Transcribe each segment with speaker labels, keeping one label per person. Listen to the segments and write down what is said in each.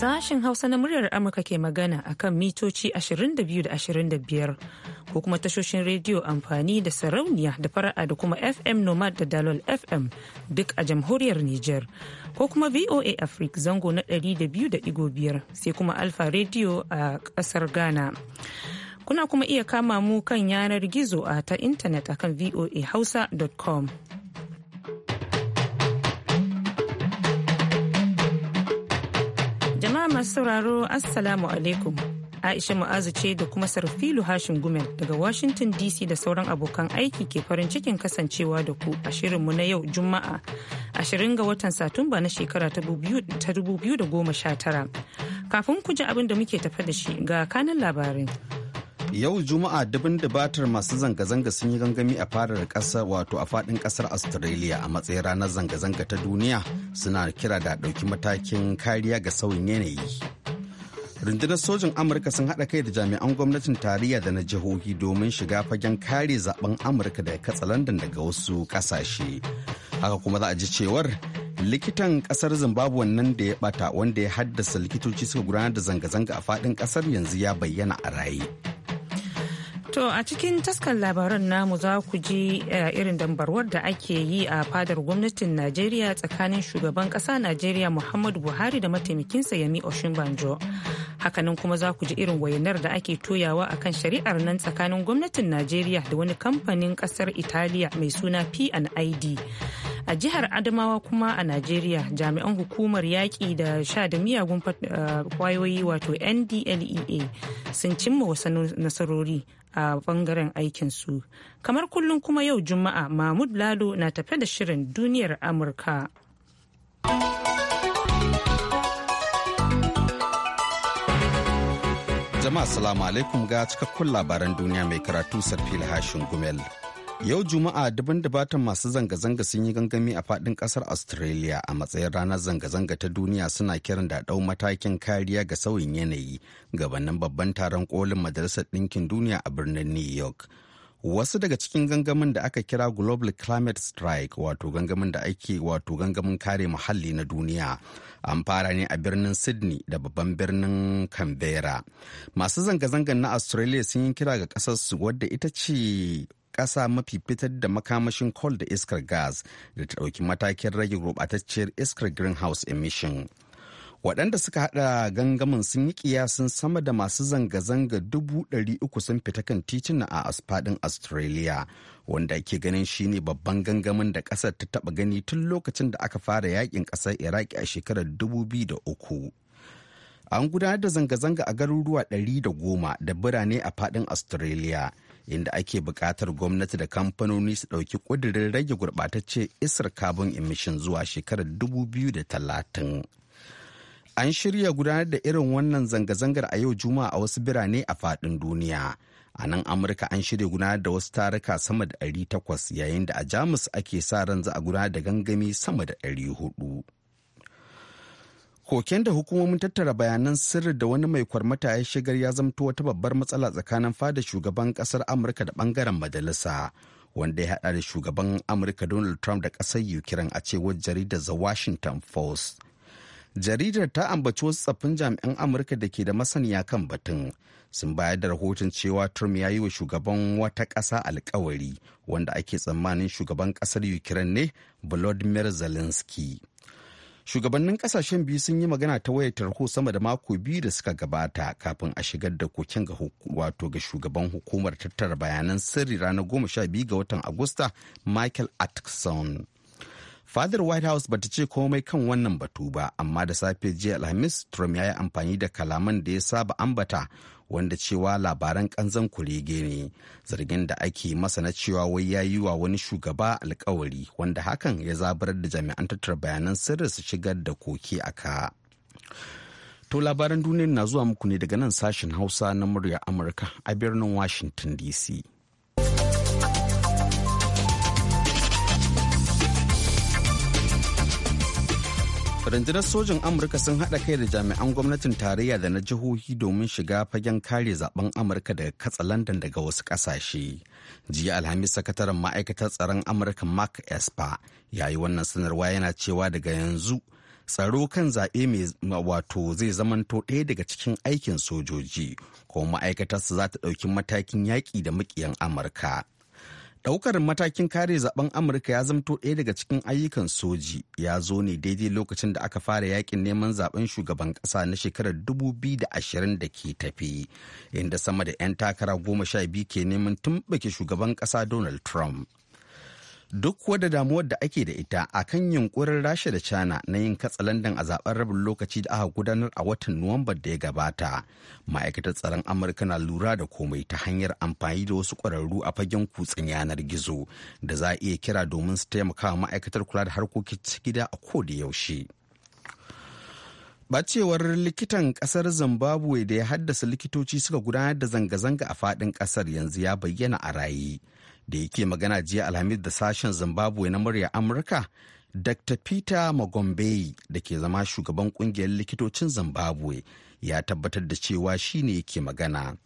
Speaker 1: Sashen Hausa na muryar Amurka ke magana a kan mitoci 22 da 25 ko kuma tashoshin rediyo amfani da sarauniya da fara'a da kuma FM Nomad da Dalol FM duk a jamhuriyar Nijar ko kuma VOA Africa zango na 200.5 sai kuma Alfa rediyo a kasar Ghana. Kuna kuma iya kama mu kan yanar gizo a ta intanet akan voahausa.com. Jama'a masu sauraro Assalamu alaikum. Aisha Mu'azu ce da kuma Sarfilu hashin Gumel daga Washington DC da sauran abokan aiki ke farin cikin kasancewa da ku a shirinmu na yau Juma'a ashirin ga watan Satumba na shekara ta tara Kafin ku ji abin da muke tafa da shi ga kanan labarin.
Speaker 2: Yau Juma'a dubin dubatar masu zanga-zanga sun yi gangami a fadar kasar wato a fadin kasar Australia a matsayin ranar zanga-zanga ta duniya suna kira da ɗauki matakin kariya ga sauyin yanayi. rundunar sojin amurka sun haɗa kai da jami'an gwamnatin tarayya da na jihohi domin shiga fagen kare zaben amurka da katsa london daga wasu ƙasashe haka kuma za a ji cewar likitan ƙasar zimbabwe nan da ya bata wanda ya haddasa likitoci suka gudanar da zanga-zanga a faɗin ƙasar yanzu ya bayyana a raye
Speaker 1: To a cikin taskar labaran namu za ku ji eh, irin dambarwar da ake yi a fadar gwamnatin Najeriya tsakanin shugaban ƙasa Najeriya Muhammadu Buhari da mataimakinsa Yemi haka Hakanan kuma za ku ji irin wayanar da ake toyawa a kan shari'ar nan tsakanin gwamnatin Najeriya da wani kamfanin ƙasar Italiya mai suna P&ID. a jihar adamawa kuma a najeriya jami'an hukumar yaƙi da sha da miyagun eh, kwayoyi wato ndlea sun cimma wasu nasarori a bangaren aikinsu kamar kullum kuma yau juma'a mahmud lalo na tafe da shirin duniyar amurka
Speaker 2: jama'a salamu alaikum ga cikakkun labaran duniya mai karatu sarfil hashin gumel Yau Juma'a daban dabatan masu zanga-zanga sun yi gangami a faɗin ƙasar Australia a matsayin ranar zanga-zanga ta duniya suna kiran da ɗau matakin kariya ga sauyin yanayi gabanin babban taron kolin Majalisar Ɗinkin Duniya a birnin New York. Wasu daga cikin gangamin da aka kira Global Climate Strike wato gangamin da ake wato gangamin kare muhalli na duniya an fara ne a birnin Sydney da babban birnin Canberra. Masu zanga-zangan na Australia sun yi kira ga ƙasarsu wadda ita ce ƙasa mafi fitar da makamashin coal da iskar gas da ta ɗauki matakin rage gurɓatacciyar iskar greenhouse emission. waɗanda suka haɗa gangamin sun yi kiyasin sama da masu zanga-zanga dubu ɗari uku sun fita kan titina a asfadin australia wanda ke ganin shine babban gangamin da ƙasar ta taɓa gani tun lokacin da aka fara yakin ƙasar iraki a shekarar 2003 an gudanar da zanga-zanga a garuruwa 110 da birane a faɗin australia inda ake buƙatar gwamnati da kamfanoni su ɗauki ƙudurin rage gurɓatacce isar carbon emission zuwa shekarar 2030. An shirya gudanar da irin wannan zanga-zangar a yau Juma'a a wasu birane a faɗin duniya. A nan Amurka an shirya gudanar da wasu taruka sama da takwas yayin da a Jamus ake sa ran za a gudanar da gangami sama da hudu. koken da hukumomin tattara bayanan sirri da wani mai kwarmata ya shigar ya zamto wata babbar matsala tsakanin fada shugaban kasar amurka da bangaren majalisa wanda ya hada da shugaban amurka donald trump da kasar ukraine a cewar jaridar the washington post jaridar ta ambaci wasu tsaffin jami'an amurka da ke da masaniya kan batun sun bayar da rahoton cewa trump ya yi wa shugaban wata ƙasa alkawari wanda ake tsammanin shugaban ƙasar ukraine ne volodymyr zelensky shugabannin kasashen biyu sun yi magana ta wayar tarho sama da mako biyu da suka gabata kafin a shigar da koken ga wato ga shugaban hukumar tattara bayanan sirri ranar goma sha biyu ga watan agusta michael atkinson fadar white house bata ce komai kan wannan batu ba amma da safe jiya alhamis trump ya yi amfani da kalaman da ya saba ambata wanda cewa labaran kanzan kurege ne zargin da ake masa na cewa wai ya yi wa wani shugaba alkawari wanda hakan ya zabar da jami'an tattara bayanan sirri su shigar da koke a ka to labaran duniya na zuwa muku ne daga nan sashen hausa na murya amurka a birnin washington dc rundunar sojin amurka sun haɗa kai da jami'an gwamnatin tarayya da na jihohi domin shiga fagen kare zaben amurka daga katsa london daga wasu ƙasashe jiya alhamis sakataren ma'aikatar tsaron amurka mark espa ya yi wannan sanarwa yana cewa daga yanzu tsaro kan zaɓe mai wato zai zamanto ɗaya daga cikin aikin sojoji kuma ma'aikatarsa za ta ɗauki matakin yaƙi da maƙiyan amurka Daukar matakin kare zaben Amurka ya zamto ɗaya daga cikin ayyukan soji ya zo ne daidai lokacin da aka fara yakin neman zaben shugaban ƙasa na shekarar 2020 da ke tafi, inda sama da 'yan takara goma sha biyu ke neman tumbake shugaban ƙasa Donald Trump. duk wadda damuwar da ake da ita a kan yunkurin rasha da china na yin katsalandan a zaben rabin lokaci da aka gudanar a watan nuwamba da ya gabata ma'aikatar tsaron amurka na lura da komai ta hanyar amfani da wasu ƙwararru a fagen kutsen yanar gizo da za a iya kira domin su taimakawa ma'aikatar kula da harkokin gida a ko da yaushe bacewar likitan kasar zimbabwe da ya haddasa likitoci suka gudanar da zanga-zanga a faɗin ƙasar yanzu ya bayyana a rayi da yake magana jiya alhamis da sashen zimbabwe na murya amurka dr peter magombeyi da ke zama shugaban kungiyar likitocin zimbabwe ya tabbatar da cewa shi ne yake magana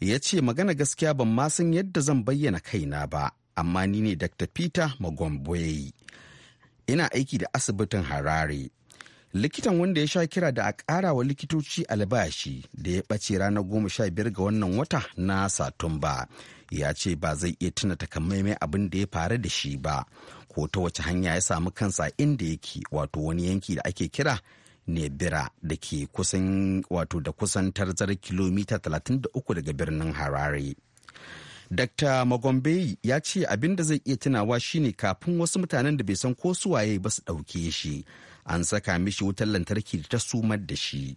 Speaker 2: ya ce magana gaskiya ban ma san yadda zan bayyana kaina ba amma ni ne dr peter magombeyi ina aiki da asibitin harare likitan wanda ya sha kira da a ƙara wa likitoci albashi da ya ɓace ranar goma sha biyar ga wannan wata na satumba ya ce ba zai iya tuna takamaimai abin da ya faru da shi ba ko ta wace hanya ya samu kansa inda yake wato wani yanki da ake kira nebira da ke kusan wato da kusan tarzar kilomita 33 daga birnin harare Dr. magombe ya ce abin da zai iya tunawa shine kafin wasu mutanen da bai san ko suwaye ba su ɗauke shi an saka mishi wutar lantarki da ta sumar da shi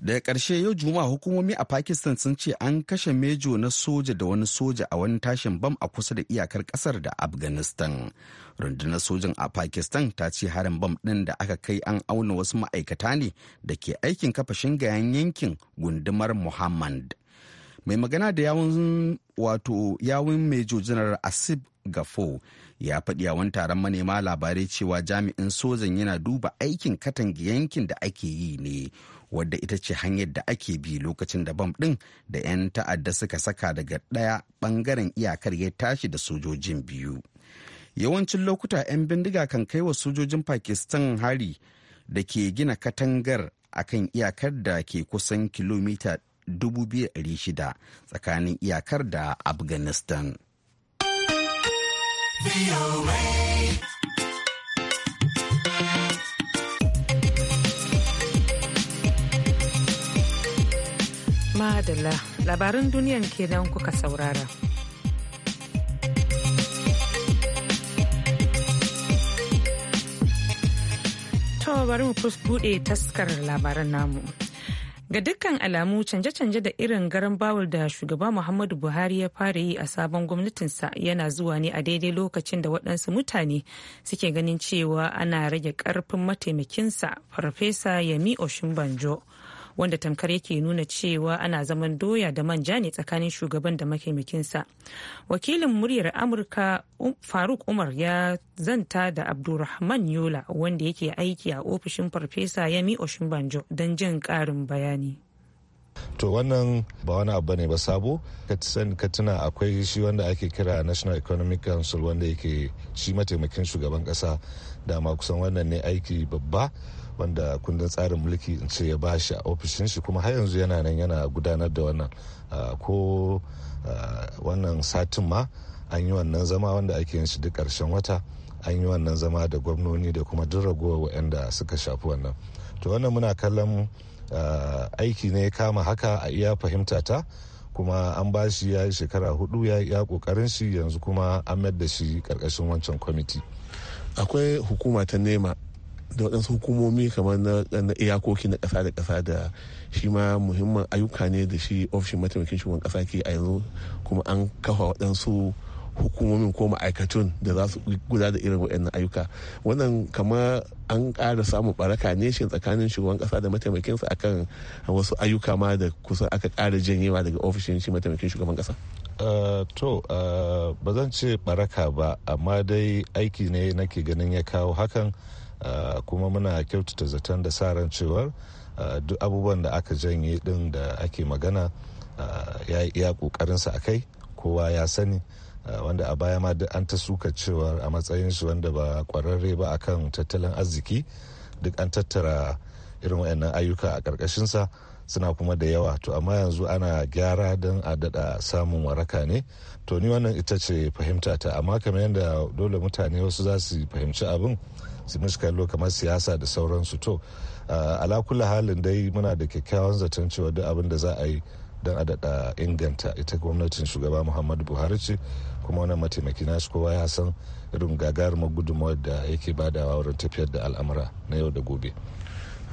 Speaker 2: daga karshe yau juma'a hukumomi a pakistan sun ce an kashe mejo na soja da wani soja a wani tashin bam a kusa da iyakar ƙasar da afghanistan rundunar sojan a pakistan ta ce harin bam ɗin da aka kai an auna wasu ma'aikata ne da ke aikin kafa shingayen yankin gundumar muhammad mai magana da yawun wato yawun mejo janar asib gafo ya faɗi a wani taron manema labarai cewa jami'in sojan yana duba aikin katange yankin da ake yi ne wadda ita ce hanyar da ake bi lokacin da bam ɗin da 'yan ta'adda suka saka daga ɗaya ɓangaren iyakar ya tashi da sojojin biyu yawancin lokuta 'yan bindiga kan kai wa sojojin pakistan hari da ke gina katangar akan iyakar da ke kusan kilomita 2,600 tsakanin iyakar da afghanistan
Speaker 1: Madalla labarin duniyan kenan kuka saurara. To bari mu buɗe taskar labaran namu. Ga dukkan alamu canje-canje da irin garan bawul da shugaba Muhammadu Buhari ya fara yi a sabon gwamnatinsa yana zuwa ne a daidai lokacin da waɗansu mutane suke ganin cewa ana rage ƙarfin mataimakinsa Farfesa yami oshinbanjo. wanda tamkar yake nuna cewa ana zaman doya da manja ne tsakanin shugaban da mataimakinsa wakilin muryar amurka faruk umar ya zanta da abdulrahman yola wanda yake aiki a ofishin farfesa yami oshimbanjo don jin karin bayani
Speaker 3: to wannan ba wani abu ne ba sabo ka tuna akwai shi wanda ake kira national economic council wanda yake shi mataimakin shugaban kasa dama kusan wannan ne aiki babba wanda kundin tsarin mulki in ce ya bashi a ofishin shi kuma har yanzu yana nan yana gudanar da wannan ko wannan satin ma an yi wannan zama wanda ake yin shi duk ƙarshen wata an yi wannan zama da gwamnoni da kuma duk ragowar waɗanda suka shafi wannan to wannan muna kallon aiki ne kama haka a iya fahimta ta kuma an ba shi ya shekara hudu ya ya kokarin shi yanzu
Speaker 4: kuma an mayar da shi karkashin wancan kwamiti akwai hukuma ta nema da waɗansu hukumomi kamar na iyakoki na ƙasa da ƙasa da shi ma muhimman ayyuka ne da shi ofishin mataimakin shugaban ƙasa ke a yanzu kuma an kafa waɗansu hukumomin ko ma'aikatun da za su guda da irin waɗannan ayyuka wannan kamar an ƙara samun baraka ne shi tsakanin shugaban ƙasa da mataimakinsa kan wasu ayyuka ma da kusan aka ƙara janyewa daga ofishin shi mataimakin shugaban ƙasa
Speaker 3: eh, to eh, ba zan ce baraka ba amma dai aiki ne nake ganin ya kawo hakan Eh, kuma muna kyautata zaton da sa ran cewar eh, duk abubuwan da aka janye din da ake magana eh, ya yi iya kokarinsa a kai kowa ya sani wanda a baya ma duk an ta suka cewar a matsayin shi wanda ba kwararre ba akan tattalin arziki duk an tattara irin wayannan ayyuka a ƙarƙashinsa suna kuma da yawa to amma yanzu ana gyara don a dada samun waraka ne to ni wannan ita ce fahimta ta amma kamar yadda dole mutane wasu za su fahimci abin su mishi kallo kamar siyasa da sauransu to uh, alakula halin dai muna da kyakkyawan zaton cewa duk abin da za a yi don adada inganta ita gwamnatin shugaba muhammadu buhari ce kuma wani mataimaki nashi kowa ya san irin gagarumar gudunmawar da yake badawa wurin tafiyar da al'amura na yau da gobe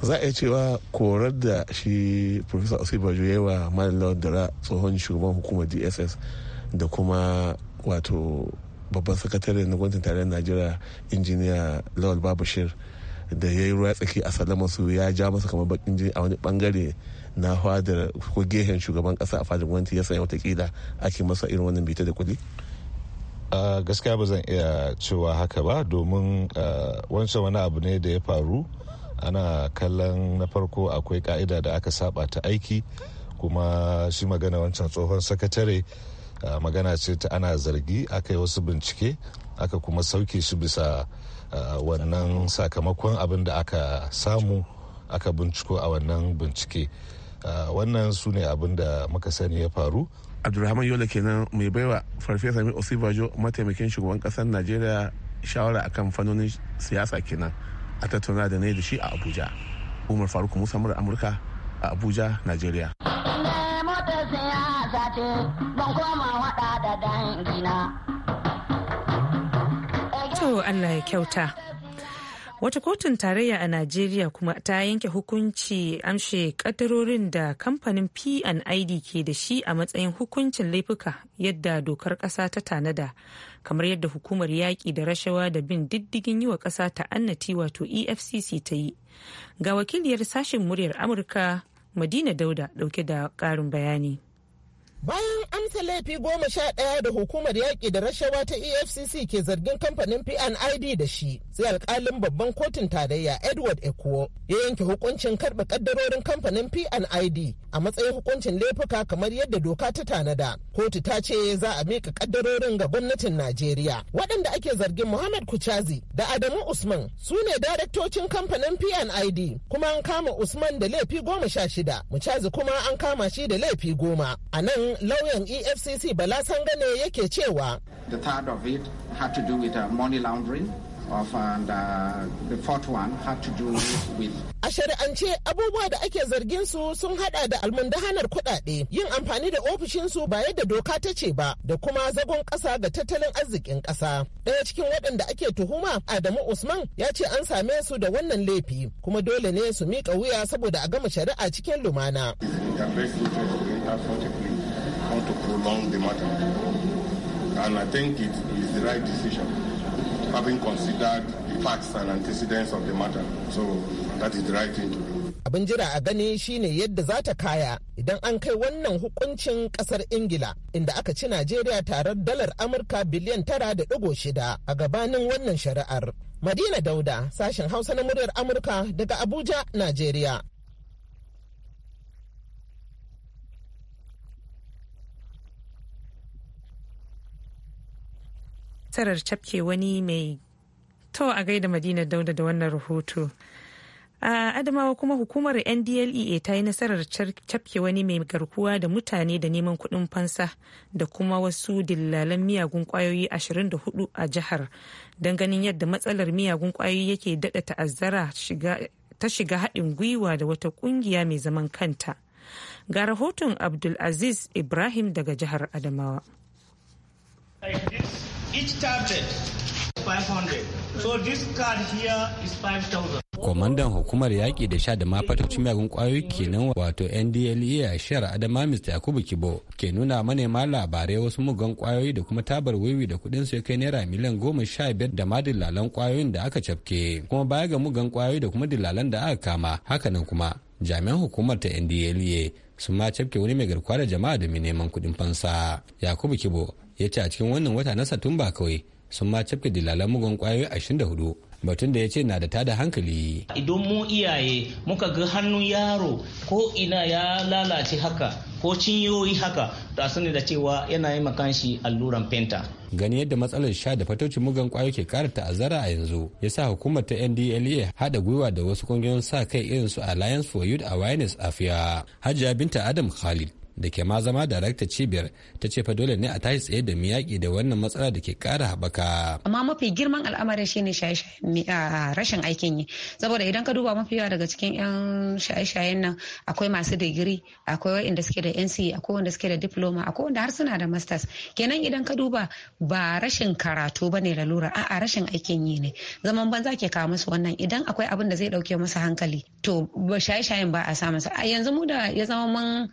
Speaker 4: za a yi cewa korar da shi professor osibajo ya yi wa malam dara tsohon shugaban hukumar dss da kuma wato babban sakatare na gwamnatin tarayyar najeriya injiniya lawal babashir da ya yi ruwa tsaki a salama su ya ja masa kamar bakin jini a wani bangare na fadar ko gehen shugaban kasa a fadar gwamnati ya sanya watakila ake masa irin wannan bita da kuli
Speaker 3: gaskiya ba zan iya cewa haka ba domin wancan wani abu ne da ya faru ana kallon na farko akwai ka'ida da aka saba ta aiki kuma shi magana wancan tsohon sakatare magana ce ta ana zargi aka yi wasu bincike aka kuma sauke shi bisa wannan sakamakon abin da aka samu aka binciko a wannan bincike wannan su
Speaker 4: ne abin da muka sani ya faru abdulrahman yola kenan mai baiwa farfesa mai osibajo mataimakin shugaban kasar najeriya shawara akan fannonin siyasa kenan a tattauna da na da shi a abuja umar faruk musa amurka a abuja najeriya
Speaker 5: ce ban
Speaker 1: To Allah ya kyauta. Wata kotun tarayya a Najeriya kuma ta yanke hukunci amshe kadarorin da kamfanin PNID ke da shi a matsayin hukuncin laifuka yadda dokar Kasa ta tanada, kamar yadda hukumar yaƙi da rashawa da bin diddigin yi wa ƙasa ta annati wato EFCC ta yi. Ga wakiliyar sashen muryar Amurka Madina Dauda ɗauke da ƙarin bayani. Bayan amsa laifi goma sha ɗaya da hukumar yaƙi da
Speaker 6: rashawa ta EFCC ke zargin kamfanin PNID da shi, sai alƙalin babban kotun tarayya Edward Ekuo ya yanke hukuncin karɓe ƙaddarorin kamfanin PNID a matsayin hukuncin laifuka kamar yadda doka ta tanada. Kotu ta ce za a mika ƙaddarorin ga gwamnatin Najeriya. Waɗanda ake zargin Muhammad Kuchazi da Adamu Usman su ne daraktocin kamfanin PNID kuma an kama Usman da laifi goma sha shida, muchazi kuma an kama shi da laifi goma. A nan lauyan efcc bala sangane yake cewa
Speaker 2: the third of it had to do with uh, money laundering of and uh,
Speaker 6: the fourth one had to do with A shari'ance abubuwa da ake zargin su sun hada da almundahanar kuɗaɗe yin amfani da ofishinsu ba yadda doka ta ce ba da kuma zagon ƙasa ga tattalin arzikin ƙasa. Ɗaya cikin waɗanda ake tuhuma Adamu Usman ya ce an same su da wannan laifi kuma dole ne su miƙa wuya saboda a gama shari'a cikin lumana.
Speaker 7: want to prolong the matter. And I think it is the right decision, having considered the facts and antecedents of the matter. So that is the right thing to do.
Speaker 6: Abin jira a gani shine yadda za ta kaya idan an kai wannan hukuncin kasar Ingila inda aka ci Najeriya tarar dalar Amurka biliyan tara da digo shida a gabanin wannan shari'ar. Madina Dauda, sashen Hausa na muryar Amurka daga Abuja, Najeriya.
Speaker 1: tarar cafke wani mai to a gaida madina dauda da wannan rahoto a adamawa kuma hukumar ndlea ta yi nasarar cafke wani mai garkuwa da mutane da neman kuɗin fansa da kuma wasu dillalan miyagun kwayoyi 24 a jihar don ganin yadda matsalar miyagun kwayoyi yake daɗa ta'azzara ta shiga haɗin gwiwa da wata ƙungiya mai zaman kanta ga rahoton abdulaziz ibrahim daga jihar adamawa
Speaker 6: each tablet 500 so this card here is 5000
Speaker 8: kwamandan hukumar yaƙi da sha da ma miyagun ƙwayoyi kenan wato ndlea a shiyar adama mr yakubu kibo ke nuna manema labarai wasu mugan ƙwayoyi da kuma tabar wiwi da kuɗin su ya kai naira miliyan goma sha biyar da ma dillalan ƙwayoyin da aka cafke kuma baya ga mugan ƙwayoyi da kuma dillalan da aka kama hakanan kuma jami'an hukumar ta ndlea sun ma cafke wani mai garkuwa da jama'a domin neman kuɗin fansa yakubu kibo ya ce a cikin wannan wata na satumba kawai sun ma cafke dilalan mugan kwayoyi ashirin da hudu batun da ya ce na da tada hankali
Speaker 6: idan mu iyaye muka ga hannun yaro ko ina ya lalace haka
Speaker 8: ko cinyoyi haka da sani da cewa yana yi makanshi alluran penta gani yadda matsalar sha da fatoci mugan kwayo ke kara ta'azzara a yanzu ya sa hukumar ta ndla hada gwiwa da wasu kungiyoyin sa kai irin su alliance for youth awareness afiya hajiya binta adam khalid da ke ma zama darakta cibiyar ta ce fa dole ne a tashi tsaye da miyaki da wannan matsala da ke kara haɓaka.
Speaker 9: amma mafi girman al'amarin shine rashin aikin yi saboda idan ka duba mafi yawa daga cikin 'yan shaye-shayen nan akwai masu digiri akwai wa'inda suke da nc akwai wanda suke da diploma akwai wanda har suna da masters kenan idan ka duba ba rashin karatu bane lalura a'a rashin aikin yi ne zaman banza ke kawo musu wannan idan akwai abin da zai dauke musu hankali to shaye-shayen ba a sa masa yanzu mu da ya zama mun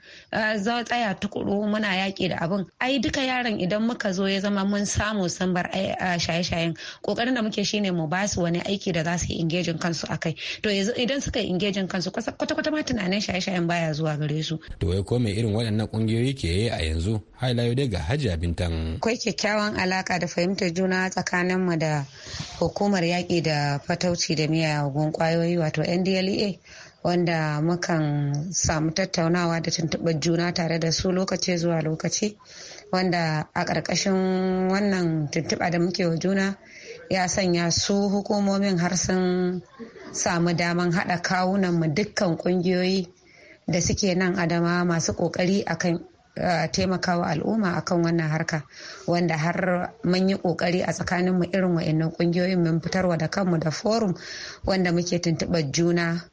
Speaker 9: za tsaya tukuru muna yaƙi da abin ai duka yaron idan muka zo ya zama mun samu sambar bar eh, shaye-shayen kokarin da muke shine mu ba su wani aiki da za su yi ingejin kansu akai to idan suka yi ingejin kansu kwata-kwata ma tunanin shaye-shayen baya zuwa gare su
Speaker 8: to wai ko irin waɗannan ƙungiyoyi ke yi a yanzu har ila dai ga Hajiya Bintan
Speaker 9: akwai kyakkyawan alaka da fahimtar juna tsakanin mu da hukumar yaƙi da fatauci da miyagun kwayoyi wato NDLEA wanda mukan samu tattaunawa da tuntuɓar juna tare da su lokaci zuwa lokaci wanda a ƙarƙashin wannan tuntuɓa da muke wa juna ya sanya su hukumomin har sun samu daman haɗa kawunan mu dukkan ƙungiyoyi da suke nan adama masu ƙoƙari akan taimakawa al'umma akan wannan harka wanda har mun yi ƙoƙari a tsakaninmu irin wa'annan ƙungiyoyin mun fitarwa da kanmu da forum wanda muke tuntuɓar juna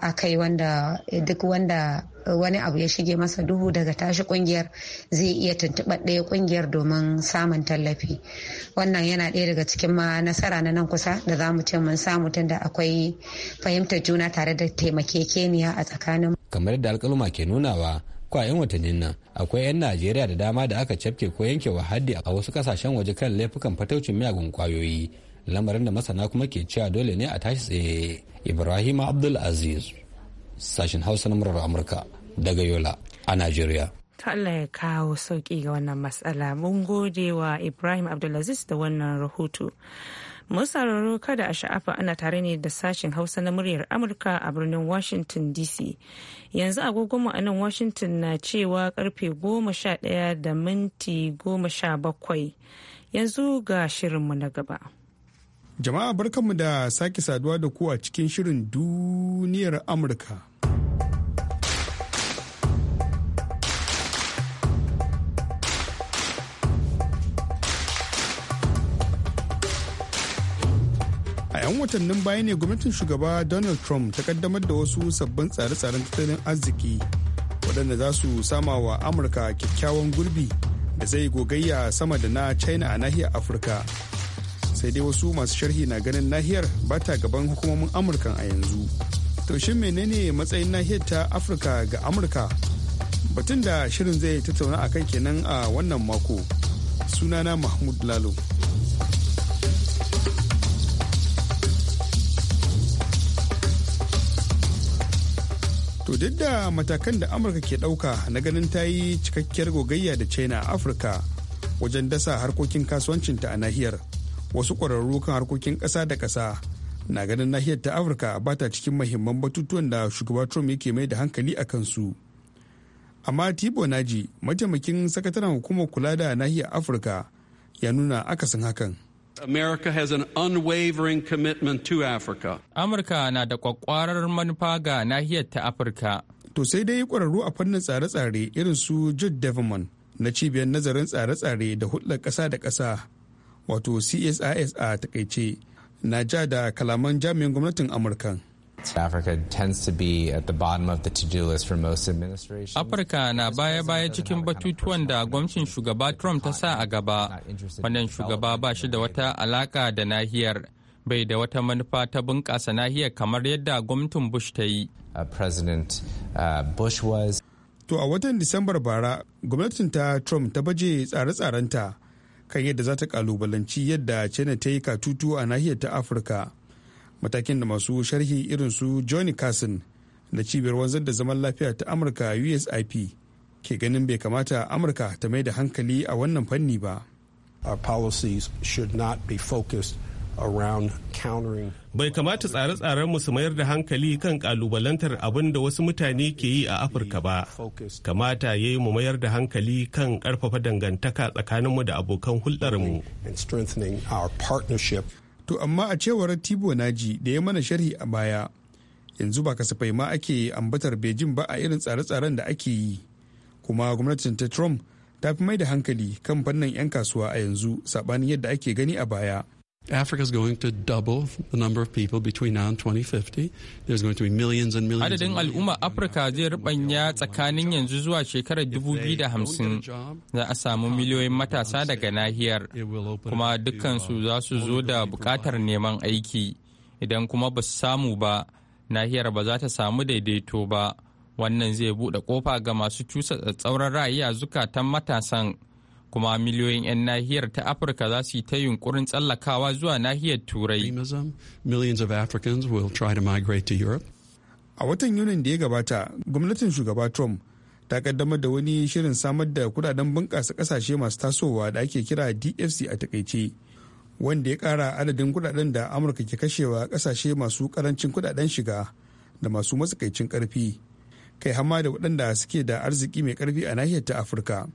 Speaker 9: a kai wanda eh, duk wanda eh, wani abu ya shige masa duhu daga tashi kungiyar zai iya tuntuɓar ɗaya kungiyar domin samun tallafi wannan yana ɗaya daga cikin ma nasara na nan kusa da za mu ce mun samu tunda akwai fahimtar juna tare da taimakekeniya a tsakanin
Speaker 8: kamar da alkaluma ke nunawa kwayan watannin nan akwai 'yan najeriya da dama da aka cafke ko yanke wa haddi a wasu kasashen waje kan laifukan fataucin miyagun kwayoyi lamarin da masana kuma ke cewa dole ne a tashi tsaye ibrahim abdul aziz sashen hausa na murar amurka daga yola a nigeria.
Speaker 1: ta Allah ya kawo sauki ga wannan matsala mun gode wa ibrahim abdulaziz da wannan rahoto musararru kada a sha'afa ana tare ne da sashen hausa na muryar amurka a birnin washington dc yanzu agogonmu a nan washington na cewa karfe goma sha ɗaya da minti goma sha bakwai yanzu ga shirinmu na gaba
Speaker 7: Jama'a barkanmu da sake saduwa da ku a cikin shirin duniyar Amurka. A 'yan watannin baya ne gwamnatin shugaba Donald Trump ta kaddamar da wasu sabbin tsare-tsaren tattalin arziki waɗanda za su sama wa Amurka kyakkyawan gurbi da zai gogayya sama da na China a nahiyar Afirka. sai dai wasu masu sharhi na ganin nahiyar ba ta gaban hukumomin amurka a yanzu to shin menene matsayin nahiyar ta afirka ga amurka batun da shirin zai tattauna a kan kenan a wannan mako sunana mahmud lalo to duk da matakan da amurka ke dauka na ganin ta yi cikakkiyar gogayya da china a afirka wajen dasa harkokin kasuwancinta a nahiyar wasu kwararru kan harkokin ƙasa da ƙasa na ganin nahiyar ta afirka ba ta cikin mahimman batutuwan da shugaba trump yake mai da hankali a kansu amma tibo naji mataimakin sakataren hukumar kula da nahiyar afirka ya nuna akasin hakan
Speaker 10: America has an unwavering commitment to Africa. Amurka na da kwakwarar manufa ga nahiyar ta Afirka.
Speaker 7: To sai dai kwararru a fannin tsare-tsare irin su Jude Deverman na cibiyar nazarin tsare-tsare da hulɗar ƙasa da ƙasa wato CSIS a takaice na ja da kalaman jami'in gwamnatin Amurka.
Speaker 10: Afirka na baya-baya cikin batutuwan da gwamnatin shugaba Trump ta sa a gaba. Wannan shugaba ba shi da wata alaka da nahiyar. bai da wata manufa ta bunƙasa nahiyar kamar yadda gwamnatin Bush ta yi. Uh, uh, to a watan Disambar bara, gwamnatin ta Trump ta baje tsare-tsarenta kan yadda za ta
Speaker 7: kalubalanci yadda china ta yi katutu a nahiyar ta afirka matakin da masu sharhi irin su johnny carson da cibiyar wanzar da zaman lafiya ta amurka usip ke ganin bai kamata amurka ta mai da hankali a wannan fanni ba our policies should not be focused around
Speaker 4: Bai kamata tsare-tsarenmu su mayar da hankali kan kalubalantar abin da wasu mutane ke yi a Afirka ba. Kamata ya yi mu mayar da hankali kan karfafa dangantaka tsakaninmu da abokan hulɗarmu.
Speaker 7: To amma a cewar Tibo Naji da ya mana sharhi a baya, yanzu ba kasafai ma ake ambatar Beijing ba a irin tsare-tsaren da ake yi. Kuma gwamnatin ta Trump ta fi mai da hankali kan fannin 'yan kasuwa a yanzu saɓanin yadda ake gani a baya.
Speaker 10: Africa is going to double the number of people between now and
Speaker 7: 2050.
Speaker 10: There's going to be millions and millions. Adadin al'umma Afirka zai rubanya tsakanin yanzu zuwa shekarar 2050 za a samu miliyoyin matasa daga nahiyar kuma dukansu za su zo da bukatar neman aiki idan kuma ba su samu ba nahiyar ba za ta samu daidaito ba wannan zai buɗe kofa ga masu cusa tsatsauran ra'ayi a zukatan matasan kuma miliyoyin 'yan nahiyar ta afirka za su yi ta yunkurin tsallakawa zuwa nahiyar turai a
Speaker 7: watan yunin da ya gabata gwamnatin shugaba trump ta kaddamar da wani shirin samar da kudaden bunƙasa ƙasashe masu tasowa da ake kira dfc a takaice wanda ya ƙara adadin kudaden da amurka ke kashewa ƙasashe masu ƙarancin kudaden shiga da masu matsakaicin ƙarfi kai hama da waɗanda suke da arziki mai ƙarfi a nahiyar ta afirka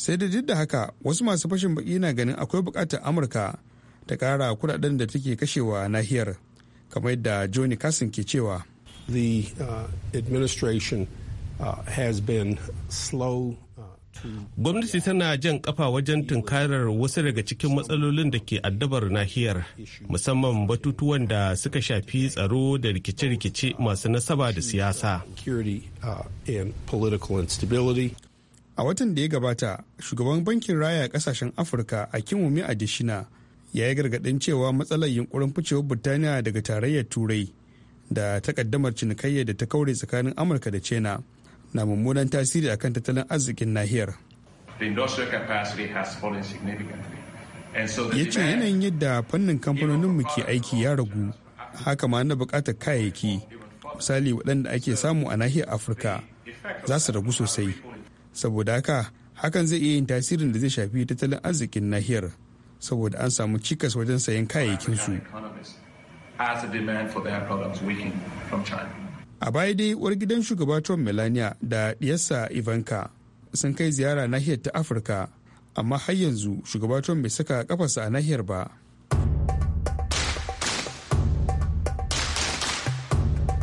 Speaker 7: sai da duk da haka wasu masu fashin baki na ganin akwai bukatar amurka ta kara kudaden da take kashewa nahiyar kamar da johnny carson ke cewa the uh, administration uh, has been slow uh, Gwamnati tana jan kafa wajen tunkarar wasu daga cikin
Speaker 4: matsalolin da ke addabar nahiyar musamman batutuwan da suka shafi tsaro da rikice-rikice masu nasaba da
Speaker 7: siyasa. Uh, a watan da ya gabata shugaban bankin raya kasashen afirka a a dishina ya yi gargaɗin cewa matsalar yunkurin ficewar burtaniya daga tarayyar turai da takaddamar cinikayya da ta kaure tsakanin amurka da china na mummunan tasiri a kan tattalin arzikin nahiyar
Speaker 4: ya ce yanayin
Speaker 7: yadda fannin kamfanoninmu ke aiki ya ragu haka ma na bukatar kayayyaki misali waɗanda ake samu a nahiyar afirka za su ragu sosai saboda haka hakan zai iya yin tasirin da zai shafi tattalin arzikin nahiyar saboda an samu cikas wajen sayan kayayyakin su. a baya dai uwar gidan shugaba trump melania da diyarsa ivanka sun kai ziyara nahiyar ta afirka amma har yanzu shugaba trump bai saka kafarsa a nahiyar ba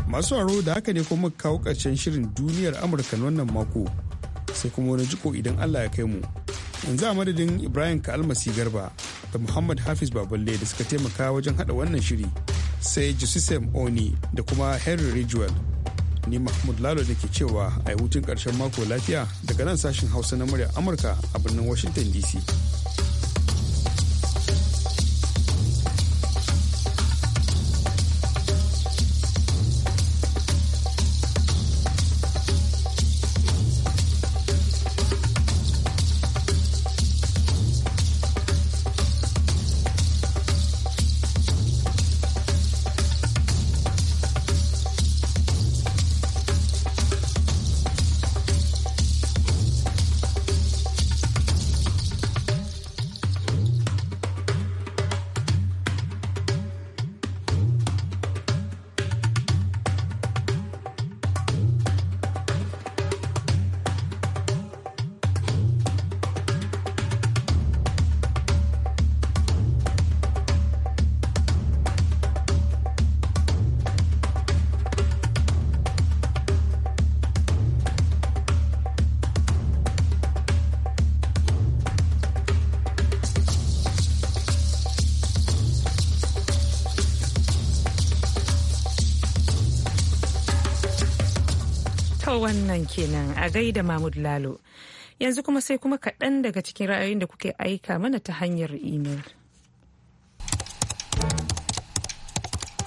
Speaker 7: masu haro da haka ne kuma kawo ƙarshen shirin duniyar amurka wannan mako sai kuma wani jiko idan Allah ya kai mu. Yanzu a madadin Ibrahim Kalmasi Garba da Muhammad Hafiz Baballe da suka taimaka wajen hada wannan shiri sai Jusisem Oni da kuma Henry Ridgewell. Ni Mahmud Lalo da ke cewa a hutun ƙarshen mako lafiya daga nan sashen Hausa na murya Amurka a birnin Washington DC.
Speaker 1: wannan kenan a gaida Mahmud Lalo. Yanzu kuma sai kuma kaɗan daga cikin ra'ayoyin da kuke aika mana ta hanyar imel.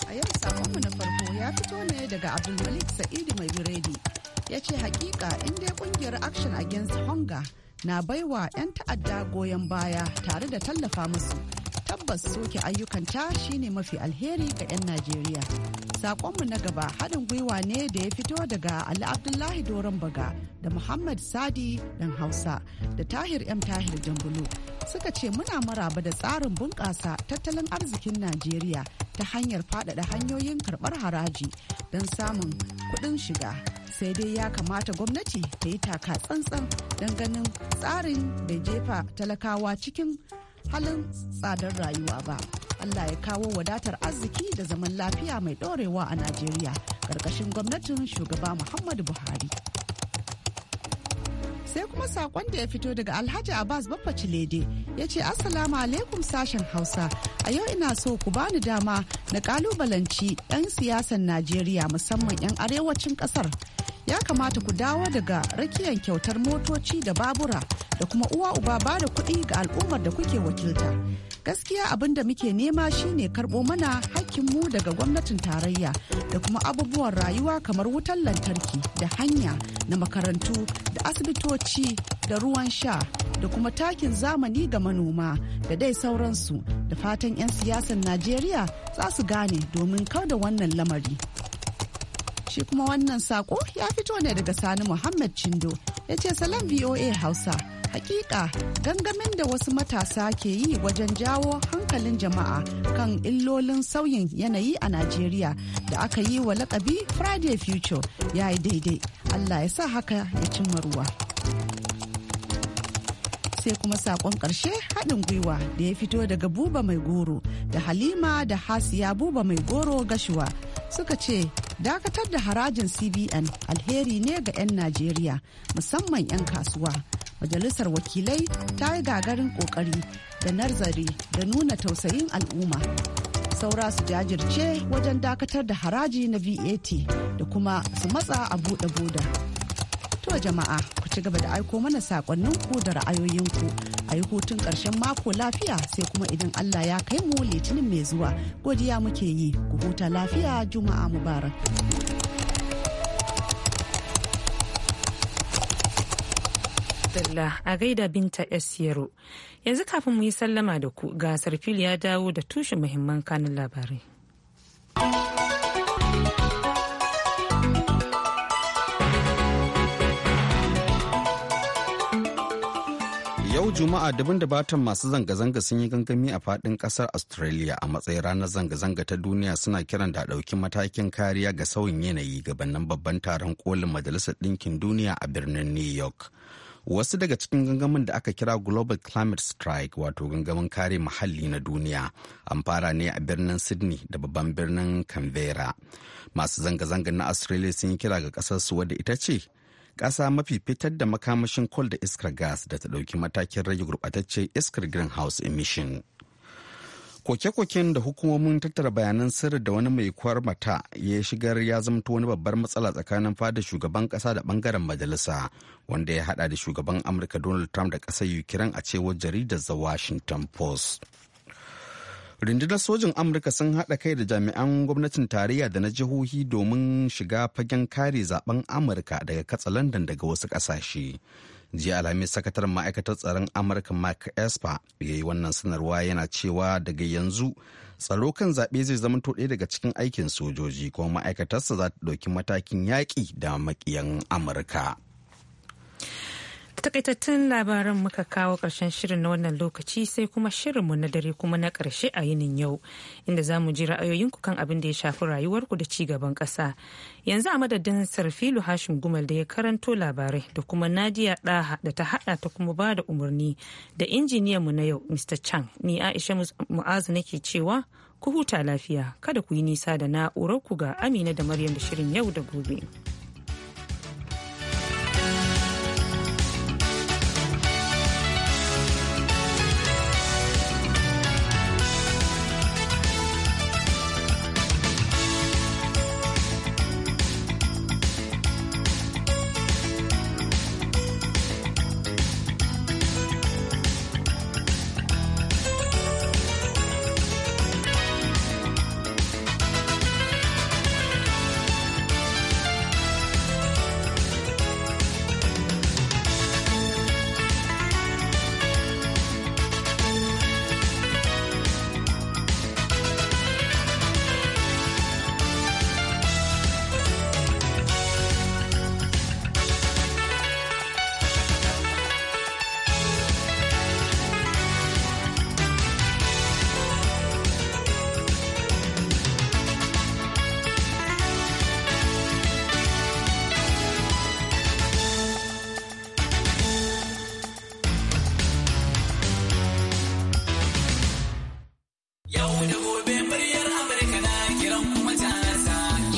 Speaker 5: A yau sakonmu na farko ya fito ne daga Abdulmalik Sa'idu mai biredi ya ce hakika inda kungiyar Action Against Hunger na baiwa 'yan ta'adda goyon baya tare da tallafa musu. tabbas soke ayyukanta shine mafi alheri ga 'yan Najeriya. Sakonmu na gaba haɗin gwiwa ne da ya fito daga Ali Abdullahi Doron Baga da Muhammad Sadi dan Hausa da Tahir M Tahir Jambulu suka ce muna maraba da tsarin bunƙasa tattalin arzikin Najeriya ta hanyar faɗaɗa hanyoyin karɓar haraji don samun kuɗin shiga. sai dai ya kamata gwamnati ta yi taka tsantsan don ganin tsarin bai jefa talakawa cikin halin tsadar rayuwa ba. Allah ya kawo wadatar arziki da zaman lafiya mai ɗorewa a Najeriya ƙarƙashin gwamnatin shugaba Muhammadu Buhari. Sai kuma saƙon da ya fito daga Alhaji Abbas Baffa Cilede ya ce Assalamu alaikum sashen Hausa. A yau ina so ku bani dama na ƙalubalanci 'yan siyasan Najeriya musamman 'yan arewacin ƙasar ya kamata ku dawo daga rakiyar kyautar motoci da babura da kuma uwa uba ba da kuɗi ga al'ummar da kuke wakilta gaskiya abin da muke nema shine karɓo mana hakkinmu daga gwamnatin tarayya da kuma abubuwan rayuwa kamar wutar lantarki da hanya na makarantu da asibitoci da ruwan sha da kuma takin zamani ga manoma da dai sauransu da fatan 'yan siyasar najeriya za su gane domin kauda wannan lamari Shi kuma wannan sako ya fito ne daga Sani Muhammad Chindo ya ce salam VOA Hausa. Hakika gangamin da wasu matasa ke yi wajen jawo hankalin jama'a kan illolin sauyin yanayi a Najeriya da aka yi wa lakabi Friday Future ya yi daidai. Allah ya sa haka ya cimma ruwa. sai kuma sakon karshe haɗin gwiwa da ya fito daga buba mai goro da halima da hasiya buba mai goro gashuwa suka ce dakatar da harajin cbn alheri ne ga 'yan najeriya musamman 'yan kasuwa majalisar wakilai ta yi gagarin kokari da nazari da nuna tausayin al'umma saura su jajirce wajen dakatar da haraji na vat da kuma su matsa a bude boda to jama'a ku ci gaba da aiko mana sakonninku da ra'ayoyinku a yi hutun ƙarshen mako lafiya sai kuma idan Allah ya kai mu litinin mai zuwa godiya muke yi ku huta lafiya juma'a
Speaker 1: mubarak. a gaida binta yaro Yanzu kafin mu yi sallama da ku ga Sarfil ya dawo da tushen muhimman kanin labarai.
Speaker 2: yau Juma'a daban da batan masu zanga-zanga sun yi gangami a fadin kasar Australia a matsayin ranar zanga-zanga ta duniya suna kiran da ɗauki matakin kariya ga sauyin yanayi gabanin babban taron kolin Majalisar Ɗinkin Duniya a birnin New York. Wasu daga cikin gangamin da aka kira Global Climate Strike wato gangamin kare muhalli na duniya an fara ne a birnin Sydney da babban birnin Canberra. Masu zanga-zanga na Australia sun yi kira ga ƙasar su wadda ita ce ƙasa mafi fitar da makamashin coal da iskar gas da ta ɗauki matakin rage gurɓataccen iskar greenhouse emission. koke-koken da hukumomin tattara bayanan sirri da wani mai kwar mata ya shigar ya zamto wani babbar matsala tsakanin fada shugaban kasa da bangaren majalisa wanda ya hada da shugaban amurka donald trump da kasar ukraine a cewar jaridar the washington post rundunar sojin amurka sun haɗa kai da jami'an gwamnatin tarayya da na jihohi domin shiga fagen kare zaben amurka daga katsalandan daga wasu ƙasashe jiya alhamis sakatar ma'aikatar tsaron amurka mark esper ya yi wannan sanarwa yana cewa daga yanzu tsaro kan zaɓe zai zama to daga cikin aikin sojoji kuma ma'aikatarsa za ta ɗauki matakin yaƙi da maƙiyan amurka.
Speaker 1: takaitattun labaran muka kawo ƙarshen shirin na wannan lokaci sai kuma shirinmu na dare kuma na karshe a yinin yau inda za mu ji ra'ayoyinku kan abin da ya shafi rayuwarku da ci gaban ƙasa yanzu a madadin sarfilu hashim gumal da ya karanto labarai da kuma nadiya daha da ta hada ta kuma ba da umarni da injiniyan mu na yau mr chang ni aisha mu'azu nake cewa ku huta lafiya kada ku yi nisa da na'urar ku ga amina da maryam da shirin yau da gobe.